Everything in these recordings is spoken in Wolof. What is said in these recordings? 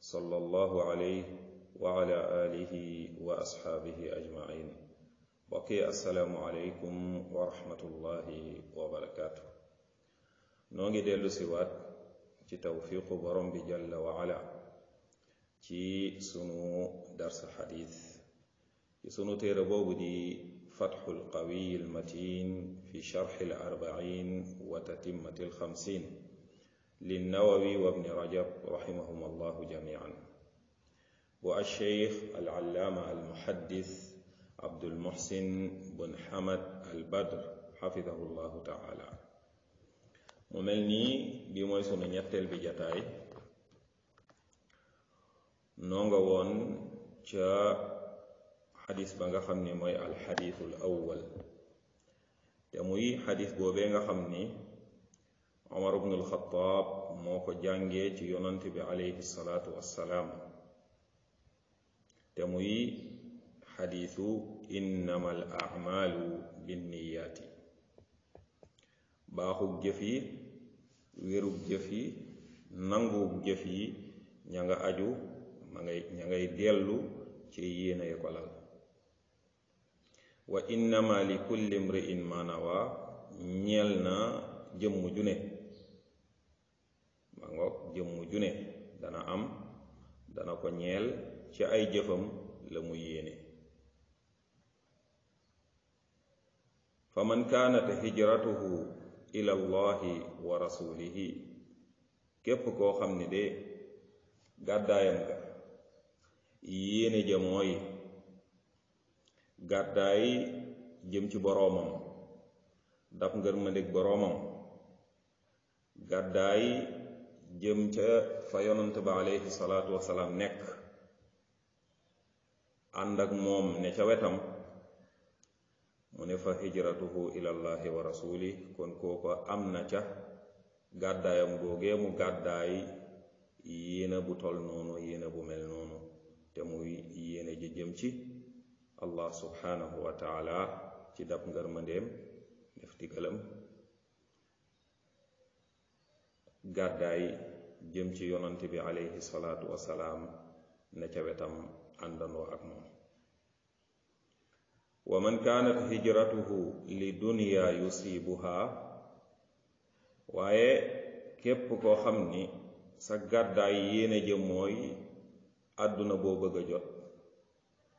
صلى الله عليه وعلى آله وأصحابه أجمعين بقي السلام عليكم ورحمة الله وبركاته نوغي ديلو سيوات تي توفيق برم جل وعلا تي سنو درس حديث تي سنو تيربوب دي فتح القوي المتين في شرح الأربعين وتتمة الخمسين للنووي وابن رجب رحمهما الله جميعا والشيخ العلامة المحدث عبد المحسن بن حمد البدر حفظه الله تعالى مملني بمويس من يقتل بجتاي نونغوون جاء حديث بنغا خمني موي الحديث الأول تموي حديث بو بنغا خمني omar ibnu alxatab moo ko jàngee ci yonant bi alayhi salaatu wassalaam te muy xadiitu innama al acmalu binniyaati baaxug jëf yi wérug jëf yi nanguug jëf yi ña nga aju ma ngay ña ngay dellu ci yéene yi ko lal wa innama li kulli mriin ma nawa ñeel na jëmm ju nekk jëmm ju ne dana am dana ko ñeel ci ay jëfam la mu yéene fa man kaanat hijratuhu ila wa rasulihi képp koo xam ni de gàddaayam ga yéene ja mooy gàddaay jëm ci boroomam daf ngërmandeg boroomam gàddaay jëm ca fa yonant ba aleyhi salaatu wasalaam nekk ànd ak moom ne ca wetam mu ne fa hijratuhu ilallahi wa rasuli kon kooko am na ca gàddaayam googee mu gàddaay yéena bu tol noonu yéena bu mel noonu te muy yéena ji jëm ci allah subhanahu wa taala ci dab ngarmandeem def digalam gaddayi jëm ci yonante bi alayhi salatu wasalam necawetam àndandoo ak moom wa man kanat hijratuhu li dunia yusibuha waaye képp koo xam ni sa gàddaay yéene jë mooy àdduna boo bëgg a jot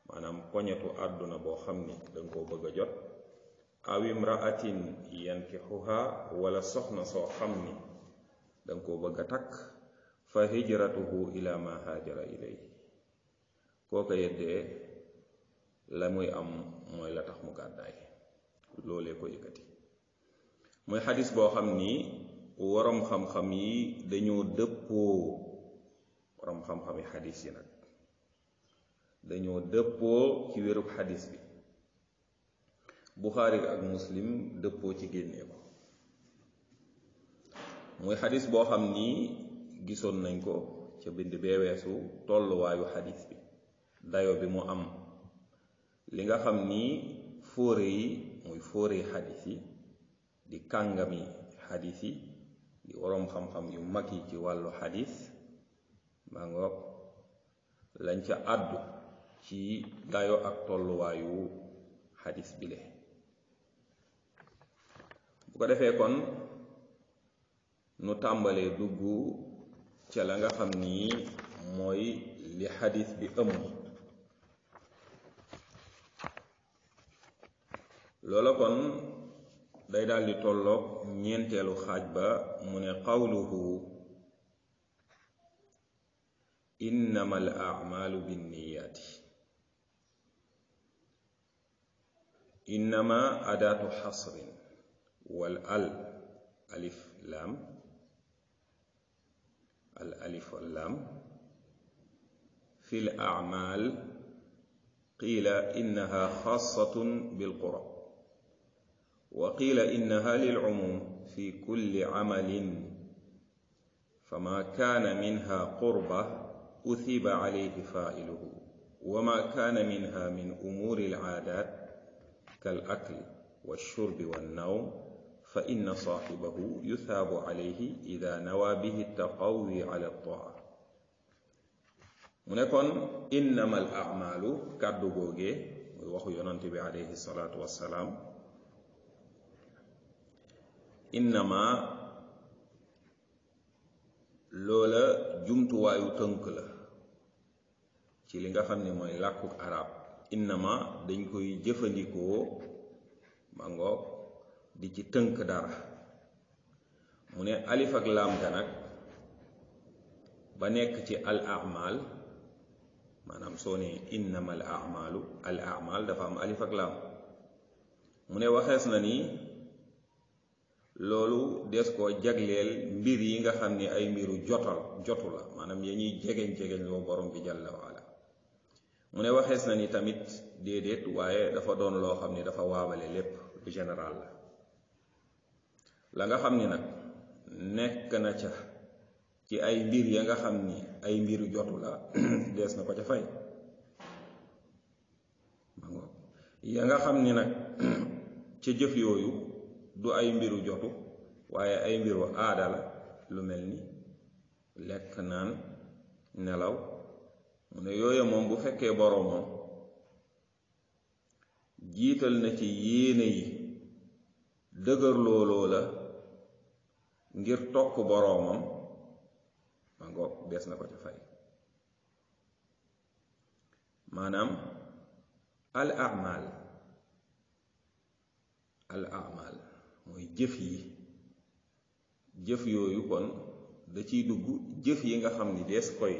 maanaam poñetu àdduna boo xam ni da nga koo bëgg a jot aw imraatin yankixuha wala soxna soo xam ni danga koo bëgg a takk fa hijratuhu ila ma haajara ilay koo ko yeddee la muy am mooy la tax mu gàddaay loolee ko yëkkati muy xadis boo xam ni waroom xam-xam yi dañoo dëppoo waroom xam-xami xadis yi nag dañoo dëppoo ci wérub xadis bi buxaari ak muslim dëppoo ci génnee ko muy xadis boo xam nii gisoon nañ ko ca bind bee weesu tolluwaayu xadis bi dayo bi mu am li nga xam nii fóore yi muy fóore xadis yi di kàngami xadis yi di waroom xam-xam yu mag yi ci wàllu xadis maa lañ ca àddu ci dayo ak tolluwaayu xadis bile bu ko defee kon nu tàmbalee dugg ca la nga xam ni mooy li xadis bi ëmb loola kon day daldi tolloog ñeenteelu xaaj ba mu ne qawluhu innama al bi binniyaati innama adaatu xasrin wal al alif laam الألف واللام في الأعمال قيل إنها خاصة بالقرى وقيل إنها للعموم في كل عمل فما كان منها قربة أثيب عليه فائله وما كان منها من أمور العادات كالأكل والشرب والنوم فإن صاحبه يثاب عليه إذا نوى به التقوي على الطاعة منكن إنما الأعمال كدوغوغي وهو ينتبه عليه الصلاة والسلام إنما لولا جمت وايو تنكلا ci li nga xam ne mooy làkku arab innama dañ koy jëfandikoo ma ngoog di ci tënk dara mu ne alif ak laam ga nag ba nekk ci al amal maanaam soo ne innama al amalu al amal dafa am alif laam mu ne waxees na ni loolu des koo jagleel mbir yi nga xam ni ay mbiru jotal jotu la maanaam ya ñuy jegeñ jegeñ loo borom bi jàlla waala mu ne waxees na ni tamit déedéet waaye dafa doon loo xam ni dafa waabale lépp lu général la la nga xam ni nag nekk na ca ci ay mbir ya nga xam ni ay mbiru jotu la dees na ko ca fay ya nga xam ni nag ca jëf yooyu du ay mbiru jotu waaye ay mbiru aada la lu mel ni lekk naan nelaw mu ne yooyu moom bu fekkee boroomam jiital na ci yéene yi dëgër looloo la ngir tokk boroomam mango bees na ko ca fay maanaam al amal al amal mooy jëf yi jëf yooyu kon da ciy dugg jëf yi nga xam ni dees koy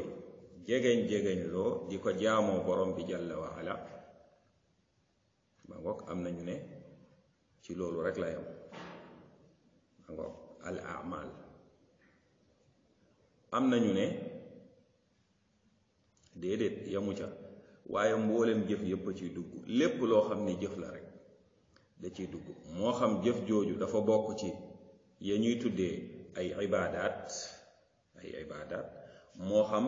jegeñ jegeñ loo di ko jaamoo borom bi jàlla waala ma ngoog am nañu ne ci loolu rek la yam ma ngoog al am nañu ne déedéet yamu ca waaye mboolem jëf yépp a ciy dugg lépp loo xam ne jëf la rekk la ciy dugg moo xam jëf jooju dafa bokk ci ya ñuy tuddee ay ibaadaat ay ibaadaat moo xam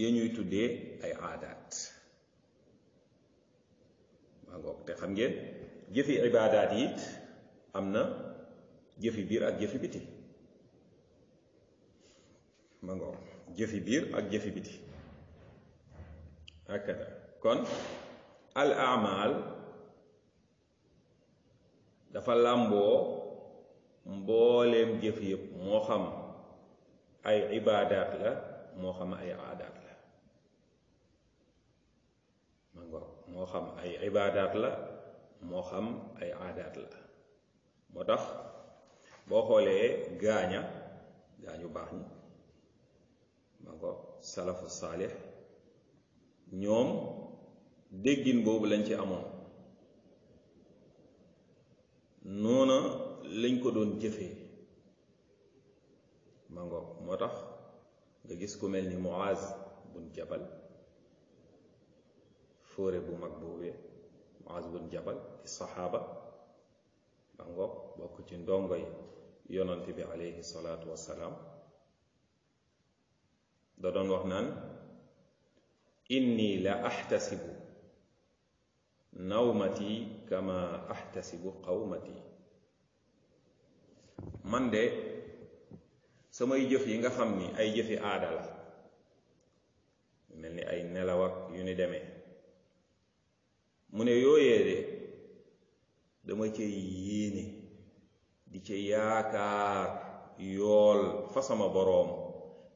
ya ñuy tuddee ay aadaat maa ngoog te xam ngeen jëfi ibaadaat yi am na jëfi biir ak jëfi biti ma ngoom jëfi biir ak jëfi biti hakada kon al amal dafa làmboo mbooleem jëf yëpp moo xam ay ibaadaat la moo xam ay aadaat la ma ngoom moo xam ay ibaadaat la moo xam ay aadaat la moo tax boo xoolee gaaña gaañu baax ñi mako salafu saalix ñoom déggin boobu lañ ci amoon noona lañ ko doon jëfee ma ngo moo tax nga gis ku mel ni moaz bun jabal fóore bu mag boobee moaz bun jabal di saxaaba ma ngo bokk ci ndongo yi yonant bi aleyhi salaatu salaam da doon wax naan inni la axtasibu nawmati kama axtasibu qawmati man de samay jëf yi nga xam ni ay jëfi aada la mel ni ay nelaw ak yu ni demee mu ne yooyee de dama cay yéene ci yaakaar yool fa sama boroom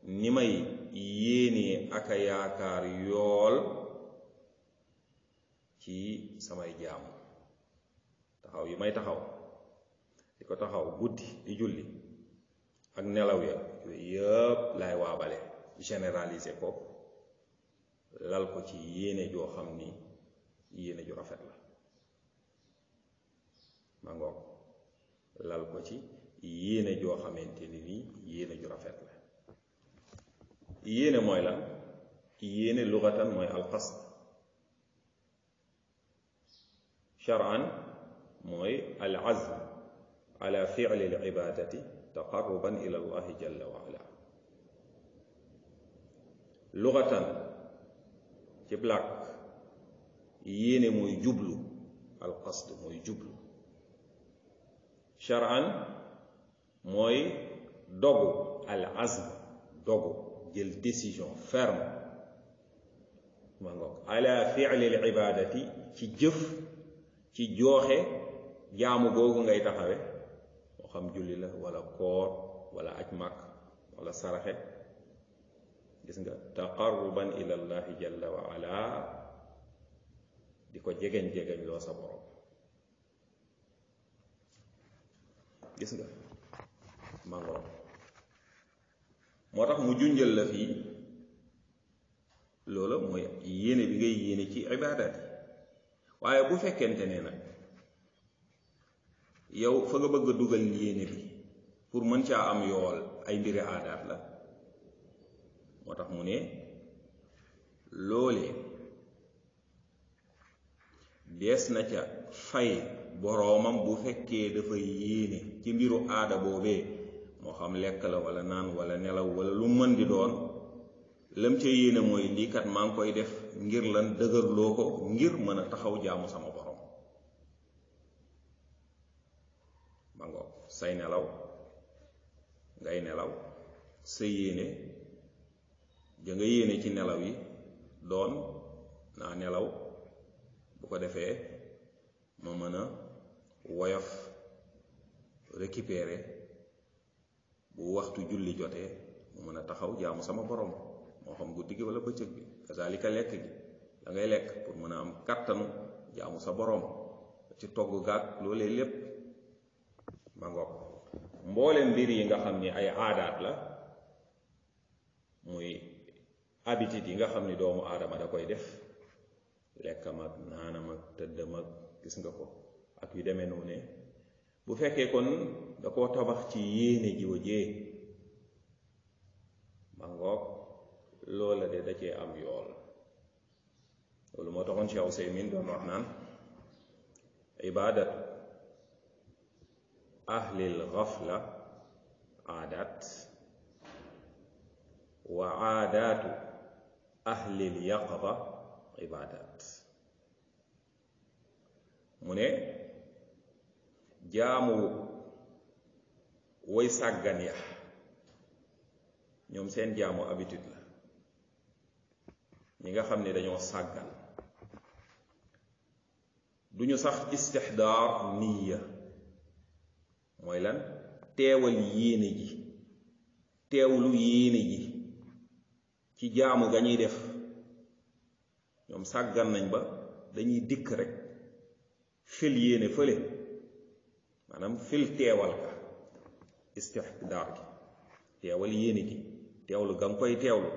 ni may yéenee aka yaakaar yool ci samay jaam taxaw yi may taxaw di ko taxaw guddi di julli ak nelaw ya yooyu yëpp laay waabale généraliser ko lal ko ci yéene joo xam ni yéene ju rafet la ma lal ko ci yéene joo xamante ni nii yéene ju rafet la yéene mooy lan yéene lugatan mooy alqasd sharan mooy al azm ala fi'li al ibadati taqarruban ila allahi jalla wa ala lugatan ci blak yéene mooy jublu alqasd mooy jublu شرعا موي دوغو العزم دوغو ديال ديسيجن فيرم على فعل العبادة تي جف تي جوخي جامو غوغو غاي تاخاوي وخم جولي لا ولا كور ولا اجماك ولا سرخه جيس تقربا الى الله جل وعلا ديكو جيغن جيغن لو سا gis nga màngoro moo tax mu junjal la fii loola mooy yéene bi ngay yéene ci ibaadaat waaye bu fekkente ne nag yow fa nga bëgg dugal yéene bi pour mën caa am yool ay mbiri aadaat la moo tax mu ne loolee dees na ca fay boroomam bu fekkee dafa yéene ci mbiru aada boobee moo xam lekk la wala naan wala nelaw wala lu mën di doon lam ca yéene mooy lii maa ngi koy def ngir lan dëgërloo ko ngir mën a taxaw jaamu sama borom ma say nelaw ngay nelaw sa yéene ja nga ci nelaw yi doon naa nelaw bu ko defee ma mën a woyof récupérer bu waxtu julli jotee mu mën a taxaw jaamu sama borom moo xam guddi gi wala bëccëg bi kazalika lekk gi la lekk pour mën a am kàttanu jaamu sa borom ci togg gaag loolee lépp ma ngoog mboole mbir yi nga xam ni ay aadaat la muy habitude yi nga xam ni doomu aadama da koy def lekkam ak naanam ak tëddam ak gis nga ko ak yu demee noonu bu fekkee kon da koo tabax ci yéene ji wajee ma ngoog loola de da cee am yool loolu moo taxoon Cheikh Ousaymin doon wax naan ibadat ahlil ghafla aadat wa aadaatu ahlil yaqba ibaadaat mu ne jaamu woy sàggan ya ñoom seen jaamu habitude la ñi nga xam ne dañoo sàggan duñu sax istixdaar niya mooy lan teewal yéene ji teewlu yéene ji ci jaamu ga ñuy def ñoom sàggan nañ ba dañuy dikk rek fil yéene fële maanaam fil teewal ka istihdaar gi teewal yéene gi teewlu ga nga koy teewlu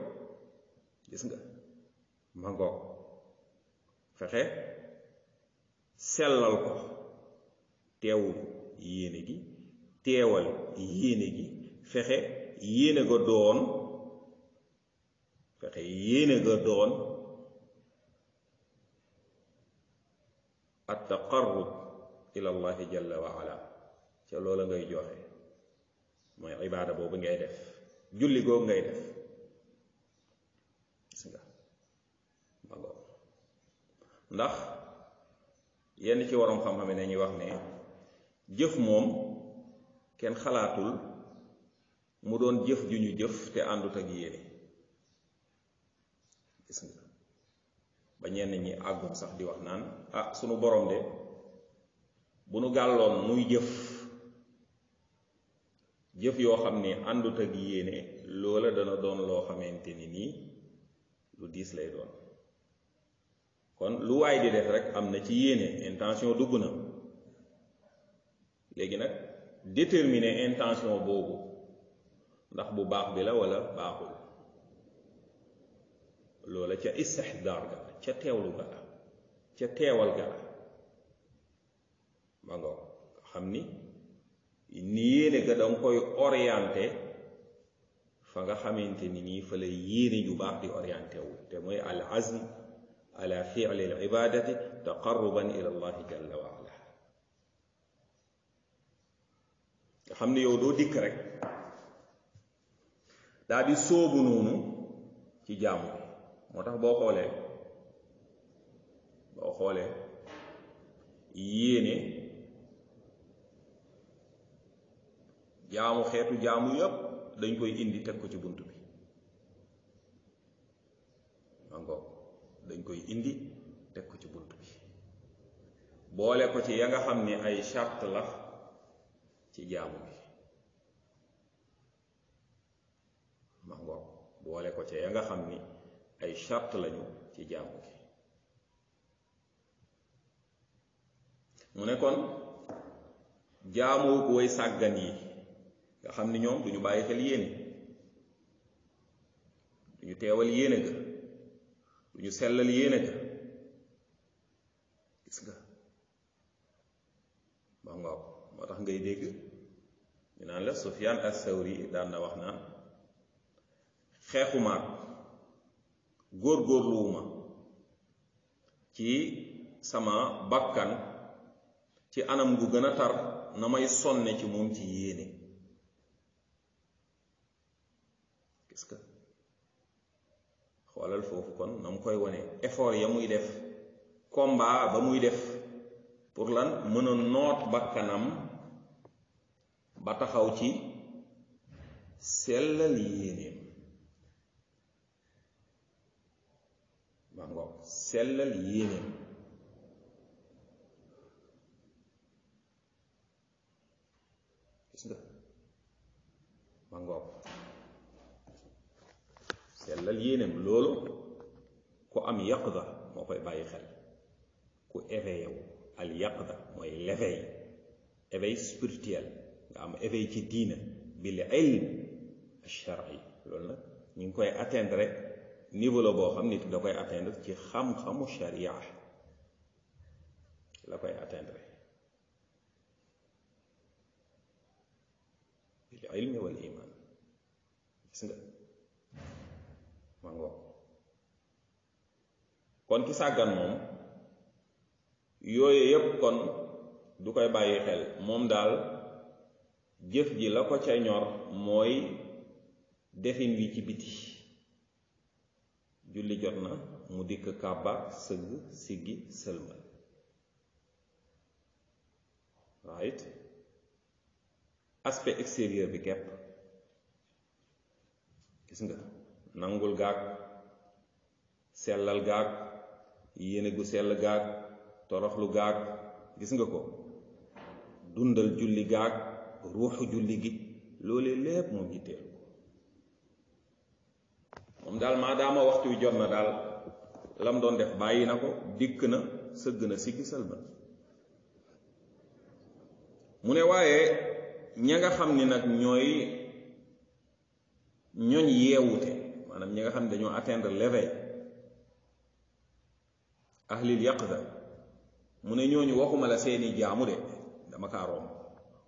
gis nga ma fexe sellal ko teewul yéene gi teewal yéene gi fexe yéene ga doon fexe yéene ga doon التقرب ila allahi jalla wa ala ca loola ngay joxe mooy ibaada boobu ngay def julli googu ngay def gis nga ndax yenn ci warom xam-xam ne ñuy wax ne jëf moom kenn xalaatul mu doon jëf ju ñu jëf te àndut ak yéene gis nga ba ñenn ñi àggoon sax di wax naan a ah, sunu borom de bu nu gàlloon muy jëf jëf yoo xam ni àndut ak yéene loola dana doon loo xamante ni nii lu diis lay doon kon lu waay di def rek am na ci yéene intention dugg na léegi nag déterminer intention boobu ndax bu baax bi la walla baaxul loola ca istixdaar ga la ca teewlu ga la ca teewal ga la ma xam ni ni yéene ga danga koy orienté fa nga xamante ni nii fa la yéene ju baax di orienté wu te mooy al azm ala fi'li al ala xam ne yow doo dikk rek daa di sóobu noonu ci jaamu moo tax boo xoolee boo xoolee yéene jaamu xeetu jaamu yëpp dañ koy indi teg ko ci bunt bi ango dañ koy indi teg ko ci bunt bi boole ko ci ya nga xam ne ay chart la ci jaamu bi ma ngoog boole ko ci ya nga xam ni ay charte lañu ci jaamu gi mu nekkoon kon jaamoo ko sàggan yi nga xam ni ñoom duñu bàyyi xel yéene duñu teewal yéene ga duñu sellal yéene ga gis nga ba ngaaw moo tax ngay dégg ñu naan la Sufyaan as daan na wax naan xeexumaat góor góorgóorluwuma ci sama bakkan ci anam gu gën a tar na may sonne ci moom ci yéene xoolal foofu kon na mu koy wone effort ya muy def combat ba muy def pour la mën a noot bakkanam ba taxaw ci sellal yéeneem sellal yéenéem gis nga ma sellal yéenéem loolu ku am yaqda moo koy bàyyi xel ku éveillé wu al yaqda mooy l'éveil éveil spirituel nga am éveil ci diina bil ilm al loolu nag ñu ngi koy atteindre niveau la boo xam nit da koy atteindre ci xam-xamu sharia la koy atteindre bil ilmi wal iman gis nga ma kon ki sàggan moom yooyu yépp kon du koy bàyyi xel moom daal jëf ji la ko ca ñor mooy defin wi ci biti julli jot na mu dikk kàbbaak sëgg siggi sëlmal right aspect extérieur bi kepp gis nga nangul gaag sellal gaag yéene gu sell gaag toroxlu gaag gis nga ko dundal julli gaag ruuxu julli gi loolee lépp moom yitteelu moom daal maadaama waxtu wi jot na daal lam doon def bàyyi na ko dikk na sëgg na siggi sëlmal mu ne waaye ña nga xam ni nag ñooy ñoñ yeewute maanaam ñi nga xam ne dañoo atteindre l'éveil ahlil yaqda mu ne ñooñu waxuma la seeni jaamu de dama kaa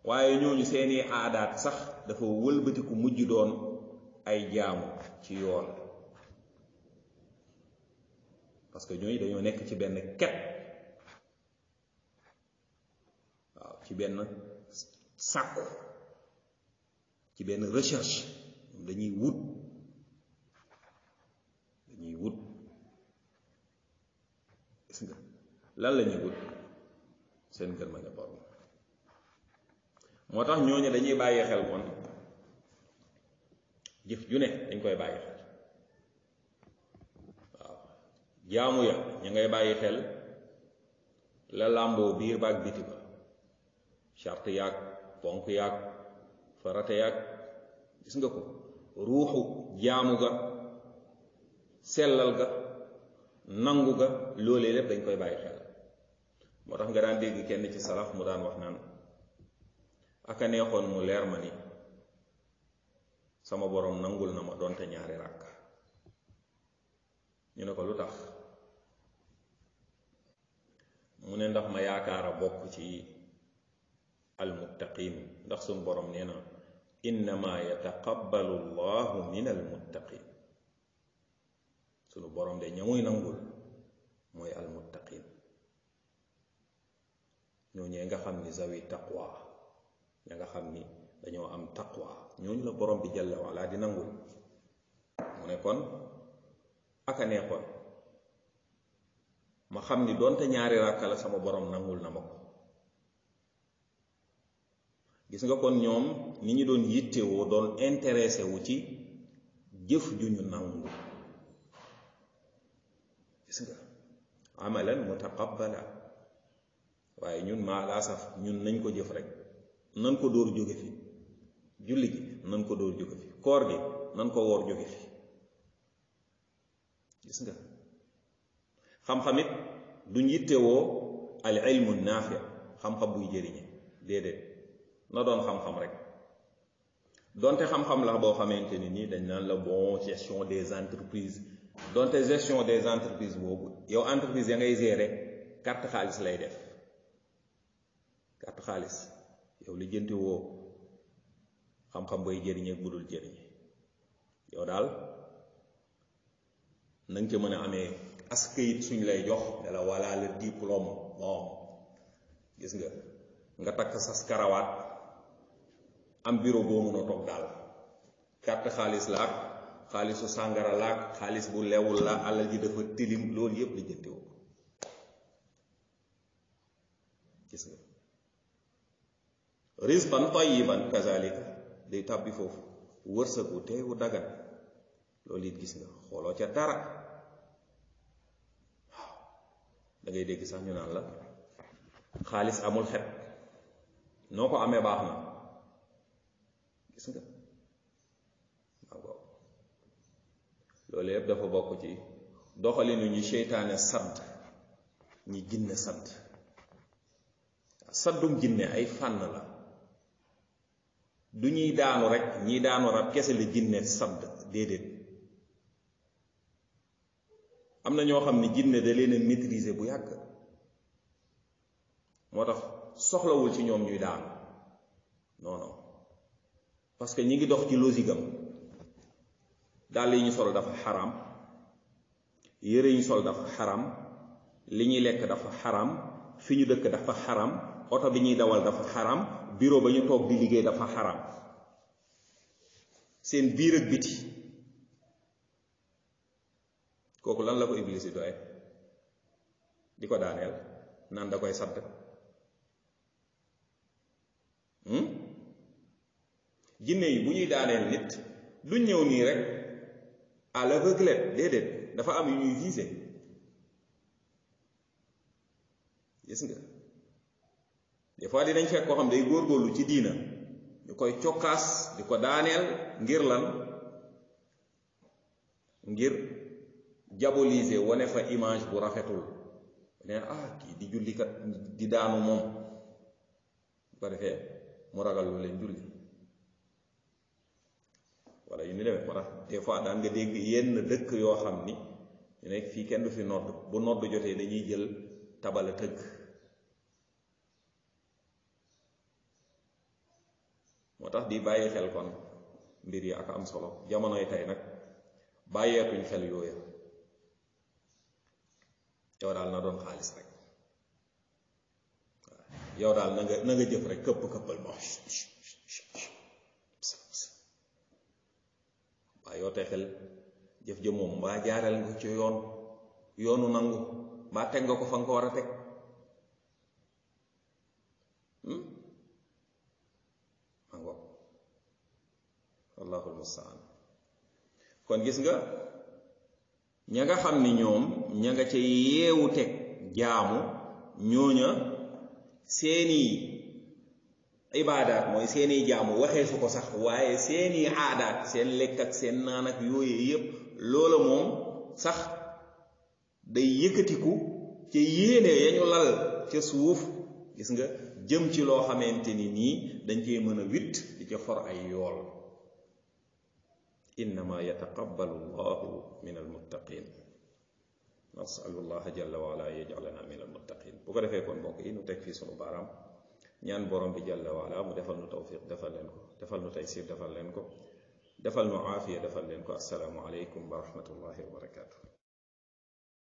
waaye ñooñu seeni aadaat sax dafa wëlbatiku mujj doon ay jaamu ci yoon parce que ñooñu dañoo nekk ci benn ket waaw ci benn sàkku ci benn recherche dañuy wut dañuy wut gis nga lan la ñuy wut seen kër ma nga borom moo tax ñooñu dañuy bàyyi xel kon jëf ju ne dañ koy bàyyi xel jaamu ya ñu ngay bàyyi xel la làmboo biir baag biti ba charte yaag ponk yaag farata yaag gis nga ko ruuxu jaamu ga sellal ga nangu ga loolee lépp dañ koy bàyyi xel moo tax nga daan dégg kenn ci salaf mu daan wax naan aka neexoon mu leer ma ni sama borom nangul na ma donte ñaari ràkk ñu ne ko lu tax mu ne ndax ma yaakaar a bokk ci almuttaqin ndax suñ borom nee na innama yataqabbalu llahu min almuttaqin sunu borom de ñamuy nangul mooy almuttaqin ñooñee nga xam ni zawi taqwa ña nga xam ni dañoo am taqwa ñooñu la borom bi jalla wala di nangul mu ne kon aka neexoon ma xam ni doonte ñaari ràkka la sama boroom nangul na ma ko gis nga kon ñoom ni ñu doon yittewoo doon intéressé wu ci jëf ju ñu nangu gis nga amalan mutaqabbala waaye ñun maa laa saf ñun nañ ko jëf rek nan ko dóor jóge fi julli gi nan ko dóor jóge fi koor gi nan ko woor jóge fi gis nga xam-xamit duñ yittewoo al ilmu naafi xam-xam buy jëriñe déedéet na doon xam-xam rek donte xam-xam la boo xamante ni nii dañ naan la bon gestion des entreprises donte gestion des entreprises boobu yow entreprise ya ngay gérer carte xaalis lay def carte xaalis yow li jënti woo xam-xam bay jëriñe budul jëriñe yow daal na nga mën a amee as suñ lay jox ne la wala le diplôme bon gis nga nga takk sas karawaat am bureau boo mën a toog daal carte xaalis la ak xaalisu sàngara la ak xaalis bu lewul la alal ji dafa tilim loolu yëpp la jëntewu ko gis nga rizqan tayyiban kazalika day tàbbi foofu wërsëgu teewu dagan loolu it gis nga xooloo ca dara da ngay dégg sax ñu naan la xaalis amul xet noo ko amee baax na gis nga waaw loolu yëpp dafa bokk ci doxalinu ñu seytaane sadd ñi ginne sadd saddum ginne ay fànn la du ñuy daanu rek ñiy daanu rab kese la ginne sadd déedéet am na ñoo xam ne jinne da leen a bu yàgg moo tax soxlawul ci ñoom ñuy daanu non non parce que ñi ngi dox ci logique am dàll yi ñu sol dafa xaram yére yi ñu sol dafa xaram li ñuy lekk dafa xaram fi ñu dëkk dafa xaram oto bi ñuy dawal dafa xaram bureau ba ñu toog di liggéey dafa xaram seen biir ak biti kooku lan la ko iblis yi doye di ko daaneel naan da koy sadd hmm? jinne yi bu ñuy daaneel nit lu ñëw nii rek à l' aveuglette déedéet dafa am yu ñuy visé gis nga des fois dinañ fekk koo xam day góorgóorlu ci diina ñu koy cokkaas di ko daaneel ngir lan ngir jabolise wone fa image bu rafetul ne ah ki di julli kat di daanu mom ba defé mu ragal lu len julli wala yini dem ba tax des fois da nga deg yenn dekk yo xamni ne fi kenn du fi nodd bu nodd joté dañuy jël tabala teug motax di baye xel kon mbir yi ak am solo jamono tay nak baye ko xel yoyal yow daal na doon xaalis rek yow daal na nga jëf rek këpp këppal moom waaw yow tey xel jëf jë mbaa jaareel nga ci yoon yoonu nangu mbaa teg nga ko fa nga war a teg hmm? ma ngoog wallaahu almustaan kon gis nga ña nga xam ni ñoom ña nga ca yeewu teg jaamu ñooña seeni ibaadaat mooy seeni jaamu waxee su ko sax waaye seeni aadaat seen lekk ak seen naan ak yooyee yépp loola moom sax day yëkkatiku ca yéene ya ñu lal ca suuf gis nga jëm ci loo xamante ni nii dañ cee mën a witt di ca for ay yool إنما يتقبل الله من المتقين نسأل الله جل وعلا يجعلنا من المتقين بغرفة يكون موقعين وتكفي صلو بارام نيان بورم بجل وعلا مدفل نتوفيق دفل لنكو دفل نتيسير دفل لنكو دفل نعافية دفل لنكو السلام عليكم ورحمة الله وبركاته